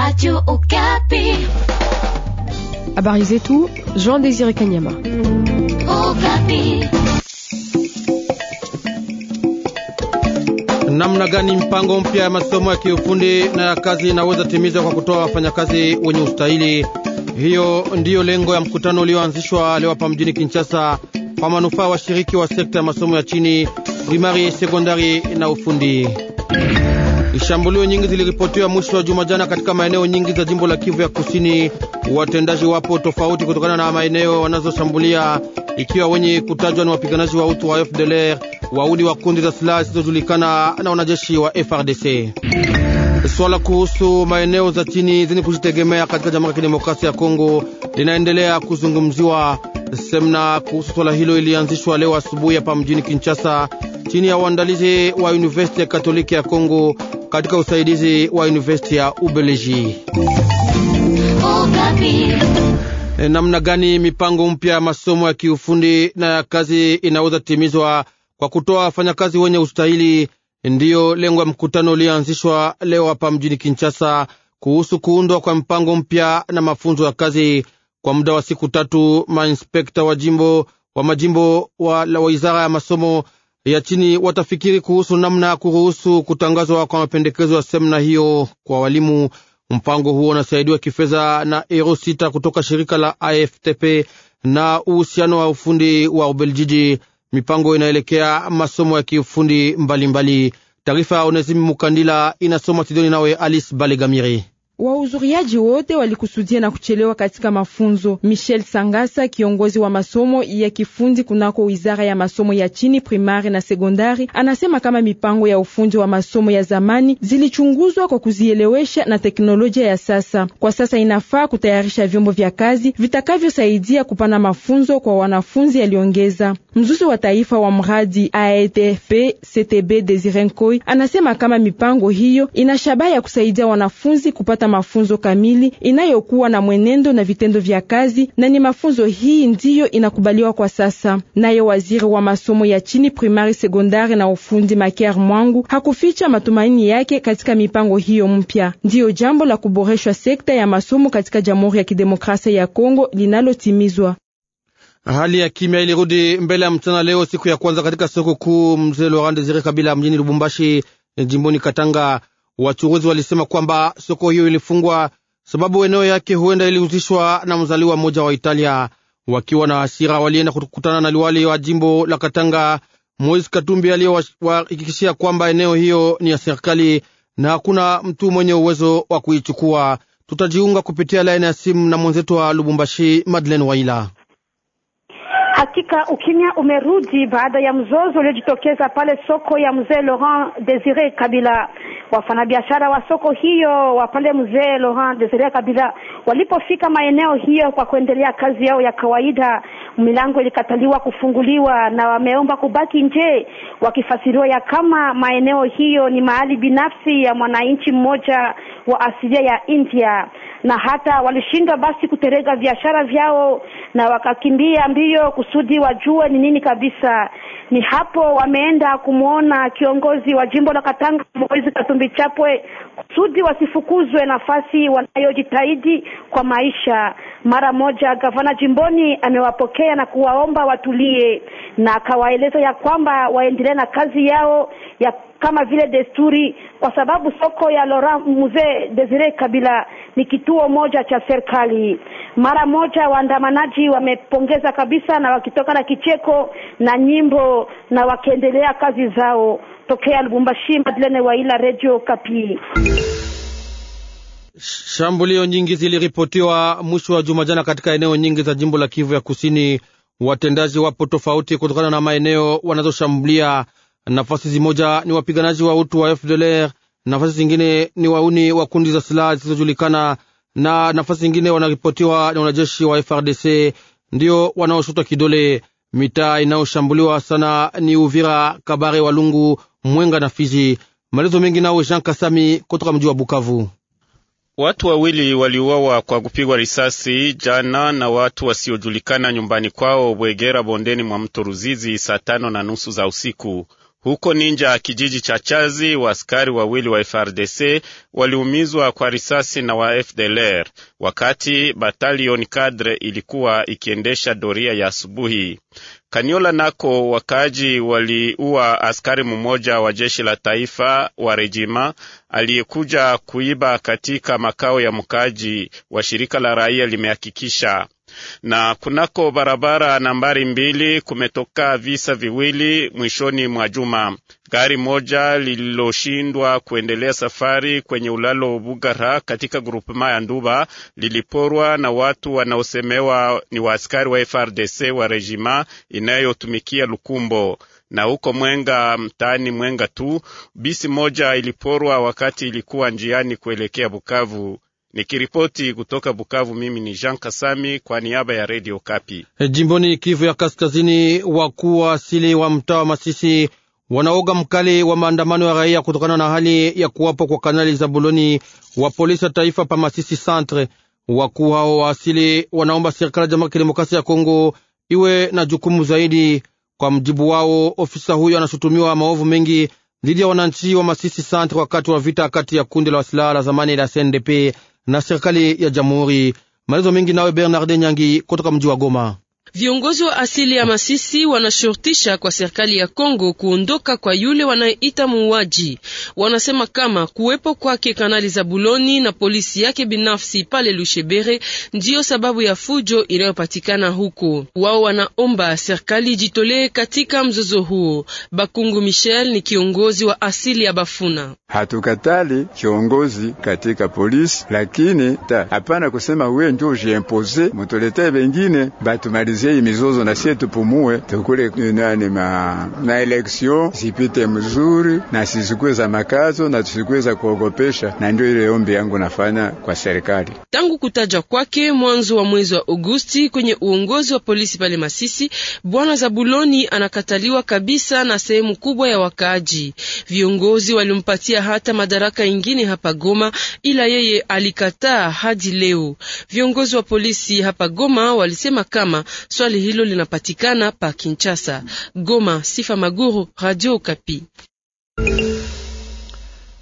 Radio Okapi. Habari zetu Jean Désiré Kanyama. Okapi. Namna gani mpango mpya ya masomo ya kiufundi na ya kazi inaweza timizwa kwa kutoa wafanyakazi wenye ustahili? Hiyo ndiyo lengo ya mkutano ulioanzishwa leo hapa mjini Kinshasa kwa manufaa washiriki wa sekta ya masomo ya chini, primari, sekondari na ufundi. Shambulio nyingi ziliripotiwa mwisho wa juma jana katika maeneo nyingi za jimbo la Kivu ya Kusini. Watendaji wapo tofauti kutokana na maeneo wanazoshambulia, ikiwa wenye kutajwa ni wapiganaji wa utu wa FDLR, waudi wa kundi za silaha zisizojulikana na wanajeshi wa FRDC. Swala kuhusu maeneo za chini zenye kujitegemea katika Jamhuri ya Kidemokrasia ya Kongo linaendelea kuzungumziwa. Semna kuhusu swala hilo ilianzishwa leo asubuhi hapa mjini Kinshasa chini ya uandalizi wa University ya Katoliki ya Kongo katika usaidizi wa University ya Ubeleji. E, namna gani mipango mpya ya masomo ya kiufundi na ya kazi inaweza timizwa kwa kutoa wafanyakazi wenye ustahili? Ndiyo lengo ya mkutano ulioanzishwa leo hapa mjini Kinshasa kuhusu kuundwa kwa mpango mpya na mafunzo ya kazi kwa muda wa siku tatu. Mainspekta wa jimbo wa majimbo wa wizara ya masomo ya chini watafikiri kuhusu namna ya kuruhusu kutangazwa kwa mapendekezo ya semna hiyo kwa walimu. Mpango huo unasaidiwa kifedha na ero sita kutoka shirika la AFTP na uhusiano wa ufundi wa Ubeljiji. Mipango inaelekea masomo ya kiufundi mbalimbali. Taarifa ya Onesimi Mukandila inasoma Tidoni nawe Alice Balegamiri. Wahudhuriaji wote walikusudia na kuchelewa katika mafunzo. Michel Sangasa, kiongozi wa masomo ya kifundi kunako wizara ya masomo ya chini primari na sekondari, anasema kama mipango ya ufundi wa masomo ya zamani zilichunguzwa kwa kuzielewesha na teknolojia ya sasa. Kwa sasa inafaa kutayarisha vyombo vya kazi vitakavyosaidia kupana mafunzo kwa wanafunzi, aliongeza. Mzuzi wa taifa wa mradi AETFP CTB Desire Nkoi anasema kama mipango hiyo ina shabaha ya kusaidia wanafunzi kupata mafunzo kamili inayokuwa na mwenendo na vitendo vya kazi, na ni mafunzo hii ndiyo inakubaliwa kwa sasa. Naye waziri wa masomo ya chini primari, sekondari na ufundi Makiar Mwangu hakuficha matumaini yake katika mipango hiyo mpya. Ndiyo jambo la kuboreshwa sekta ya masomo katika Jamhuri ya Kidemokrasia ya Kongo linalotimizwa. Hali ya kimya ilirudi mbele ya mchana leo, siku ya kwanza katika soko kuu Mzee Laurent Desire Kabila mjini Lubumbashi, jimboni Katanga. Wachunguzi walisema kwamba soko hiyo ilifungwa sababu eneo yake huenda ilihusishwa na mzaliwa mmoja wa Italia. Wakiwa na hasira, walienda kukutana na liwali wa jimbo la Katanga Moise Katumbi aliyowahakikishia kwamba eneo hiyo ni ya serikali na hakuna mtu mwenye uwezo wa kuichukua. Tutajiunga kupitia laini ya simu na mwenzetu wa Lubumbashi, Madeleine Waila. Hakika ukimya umerudi baada ya mzozo uliojitokeza pale soko ya mzee Laurent Desire Kabila. Wafanyabiashara wa soko hiyo wa pale mzee Laurent Desire Kabila walipofika maeneo hiyo kwa kuendelea kazi yao ya kawaida, milango ilikataliwa kufunguliwa na wameomba kubaki nje, wakifasiriwa ya kama maeneo hiyo ni mahali binafsi ya mwananchi mmoja wa asilia ya India na hata walishindwa basi kuterega biashara vyao na wakakimbia mbio kusudi wajue ni nini kabisa. Ni hapo wameenda kumwona kiongozi wa jimbo la Katanga Moizi Katumbi Chapwe kusudi wasifukuzwe nafasi wanayojitahidi kwa maisha. Mara moja gavana jimboni amewapokea na kuwaomba watulie, na akawaeleza ya kwamba waendelee na kazi yao ya kama vile desturi, kwa sababu soko ya Laurent Mzee Desire Kabila ni kituo moja cha serikali. Mara moja waandamanaji wamepongeza kabisa, na wakitoka na kicheko na nyimbo na wakiendelea kazi zao. Tokea Lubumbashi, Madlene Waila, Radio Kapi. Shambulio nyingi ziliripotiwa mwisho wa juma jana katika eneo nyingi za jimbo la Kivu ya Kusini. Watendaji wapo tofauti kutokana na maeneo wanazoshambulia. Nafasi zimoja ni wapiganaji wa utu wa FDLR, nafasi zingine ni wauni wa kundi za silaha zisizojulikana, na nafasi zingine wanaripotiwa na wanajeshi wa FRDC ndio wanaoshotwa kidole. Mitaa inayoshambuliwa sana ni Uvira, Kabare, Walungu, Mwenga na Fizi. Maelezo mengi nawe Jean Kasami kutoka mji wa Bukavu. Watu wawili waliuawa kwa kupigwa risasi jana na watu wasiojulikana nyumbani kwao Bwegera, bondeni mwa mto Ruzizi, saa tano na nusu za usiku. Huko Ninja ya kijiji cha Chazi, waskari wawili wa FRDC waliumizwa kwa risasi na wa FDLR wakati batalion kadre ilikuwa ikiendesha doria ya asubuhi. Kaniola nako wakaaji waliua askari mmoja wa jeshi la taifa wa rejima aliyekuja kuiba katika makao ya mkaaji, wa shirika la raia limehakikisha na kunako barabara nambari mbili kumetoka visa viwili mwishoni mwa juma. Gari moja lililoshindwa kuendelea safari kwenye ulalo Bugara katika grupema ya Nduba liliporwa na watu wanaosemewa ni waaskari wa FRDC wa rejima inayotumikia Lukumbo na huko Mwenga mtaani Mwenga tu bisi moja iliporwa wakati ilikuwa njiani kuelekea Bukavu. Nikiripoti kutoka Bukavu, mimi ni Jean Kasami kwa niaba ya Redio Kapi. Eh, jimboni Kivu ya Kaskazini, wakuu wa asili wa mtaa wa Masisi wanaoga mkali wa maandamano ya raia kutokana na hali ya kuwapo kwa kanali buloni wa polisi ya taifa pa Masisi Centre. Wakuu hao wa asili wanaomba serikali ya Jamhuri ya Kidemokrasia ya Kongo iwe na jukumu zaidi. Kwa mjibu wao, ofisa huyo anashutumiwa maovu mengi dhidi ya wananchi wa Masisi Centre wakati wa vita kati ya kundi la wasilaha la zamani la CNDP na serikali ya jamhuri. Maelezo mengi nawe Bernarde Nyangi kutoka mji wa Goma. Viongozi wa asili ya Masisi wanashurutisha kwa serikali ya Kongo kuondoka kwa yule wanayeita muuaji. Wanasema kama kuwepo kwake kanali za Buloni na polisi yake binafsi pale Lushebere ndiyo sababu ya fujo inayopatikana huko. Wao wanaomba serikali ijitolee katika mzozo huo. Bakungu Michel ni kiongozi wa asili ya Bafuna. Hatukatali kiongozi katika polisi, lakini hapana kusema wewe ndio ujiempose mutolete bengine batumalize tuimalizie iyi mizozo na sie tupumue, tukule nani ma na eleksio zipite mzuri na sizikuwe za makazo na tusikuwe za kuogopesha, na ndio ile ombi yangu nafanya kwa serikali. Tangu kutaja kwake mwanzo wa mwezi wa Agosti kwenye uongozi wa polisi pale Masisi, bwana Zabuloni anakataliwa kabisa na sehemu kubwa ya wakaaji. Viongozi walimpatia hata madaraka ingine hapa Goma, ila yeye alikataa hadi leo. Viongozi wa polisi hapa Goma walisema kama Swali hilo linapatikana pa Kinshasa. Goma, Sifa Maguru, Radio Kapi.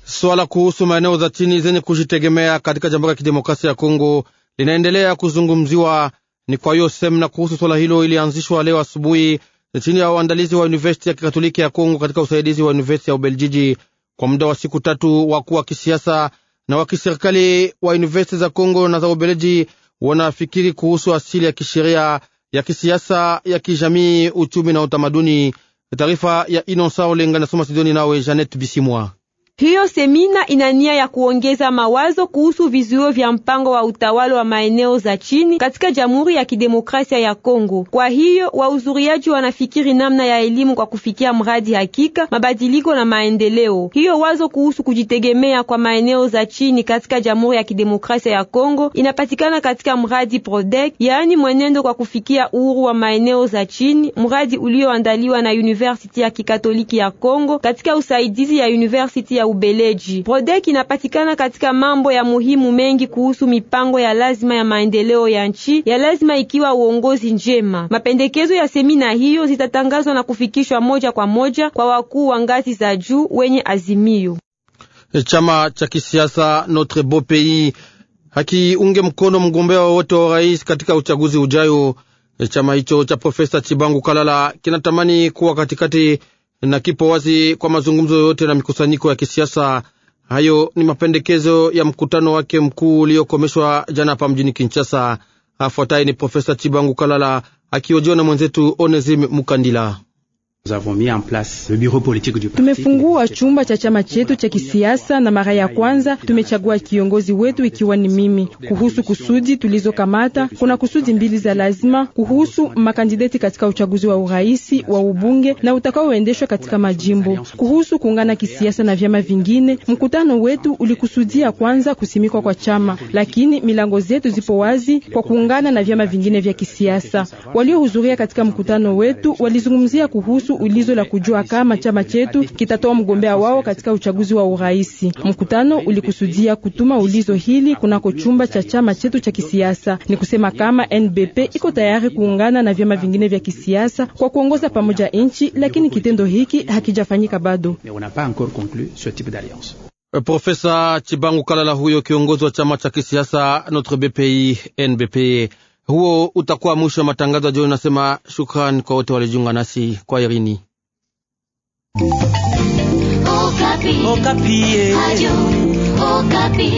Swala kuhusu maeneo za chini zenye kujitegemea katika Jamhuri ya Kidemokrasia ya Kongo linaendelea kuzungumziwa. Ni kwa hiyo semna kuhusu swala hilo ilianzishwa leo asubuhi chini ya uandalizi wa Universiti ya Kikatoliki ya Kongo katika usaidizi wa Universiti ya Ubeljiji kwa muda wa siku tatu. Wakuu wa kisiasa na wa kiserikali wa universiti za Kongo na za Ubeleji wanafikiri kuhusu asili ya kisheria ya kisiasa, ya kijamii, uchumi na utamaduni. Taarifa ya Inosa Olenga na Somasidoni nawe Janet Bisimwa. Hiyo semina ina nia ya kuongeza mawazo kuhusu vizuio vya mpango wa utawala wa maeneo za chini katika Jamhuri ya Kidemokrasia ya Kongo. Kwa hiyo wahudhuriaji wanafikiri namna ya elimu kwa kufikia mradi hakika mabadiliko na maendeleo. Hiyo wazo kuhusu kujitegemea kwa maeneo za chini katika Jamhuri ya Kidemokrasia ya Kongo inapatikana katika mradi Prodec, yaani mwenendo kwa kufikia uhuru wa maeneo za chini, mradi ulioandaliwa na University ya Kikatoliki ya Kongo katika usaidizi ya University ya Ubeleji. Brodeki inapatikana katika mambo ya muhimu mengi kuhusu mipango ya lazima ya maendeleo ya nchi ya lazima, ikiwa uongozi njema. Mapendekezo ya semina hiyo zitatangazwa na kufikishwa moja kwa moja kwa wakuu wa ngazi za juu wenye azimio. Chama cha kisiasa Notre Beau Pays hakiunge mkono mgombea wowote wa urais katika uchaguzi ujayo. Chama hicho cha Profesa Chibangu Kalala kinatamani kuwa katikati na kipo wazi kwa mazungumzo yoyote na mikusanyiko ya kisiasa. Hayo ni mapendekezo ya mkutano wake mkuu uliokomeshwa jana hapa mjini Kinshasa. Afuataye ni Profesa Chibangu Kalala akiojiwa na mwenzetu Onesime Mukandila. Tumefungua chumba cha chama chetu cha kisiasa na mara ya kwanza tumechagua kiongozi wetu ikiwa ni mimi. Kuhusu kusudi tulizokamata, kuna kusudi mbili za lazima kuhusu makandideti katika uchaguzi wa uraisi wa ubunge na utakaoendeshwa katika majimbo. Kuhusu kuungana kisiasa na vyama vingine, mkutano wetu ulikusudia kwanza kusimikwa kwa chama, lakini milango zetu zipo wazi kwa kuungana na vyama vingine vya kisiasa. Waliohudhuria katika mkutano wetu walizungumzia kuhusu kuhusu ulizo la kujua kama chama chetu kitatoa mgombea wao katika uchaguzi wa uraisi. Mkutano ulikusudia kutuma ulizo hili kunako chumba cha chama chetu cha kisiasa. Ni kusema kama NBP iko tayari kuungana na vyama vingine vya kisiasa kwa kuongoza pamoja nchi, lakini kitendo hiki hakijafanyika bado. Euh, Profesa Chibangu Kalala, huyo kiongozi wa chama cha kisiasa Notre BPI NBP. Huo utakuwa mwisho wa matangazo ya jioni. Nasema shukrani kwa wote walijiunga nasi kwa Irini Okapi. Okapi. Eh. Ayu, Okapi.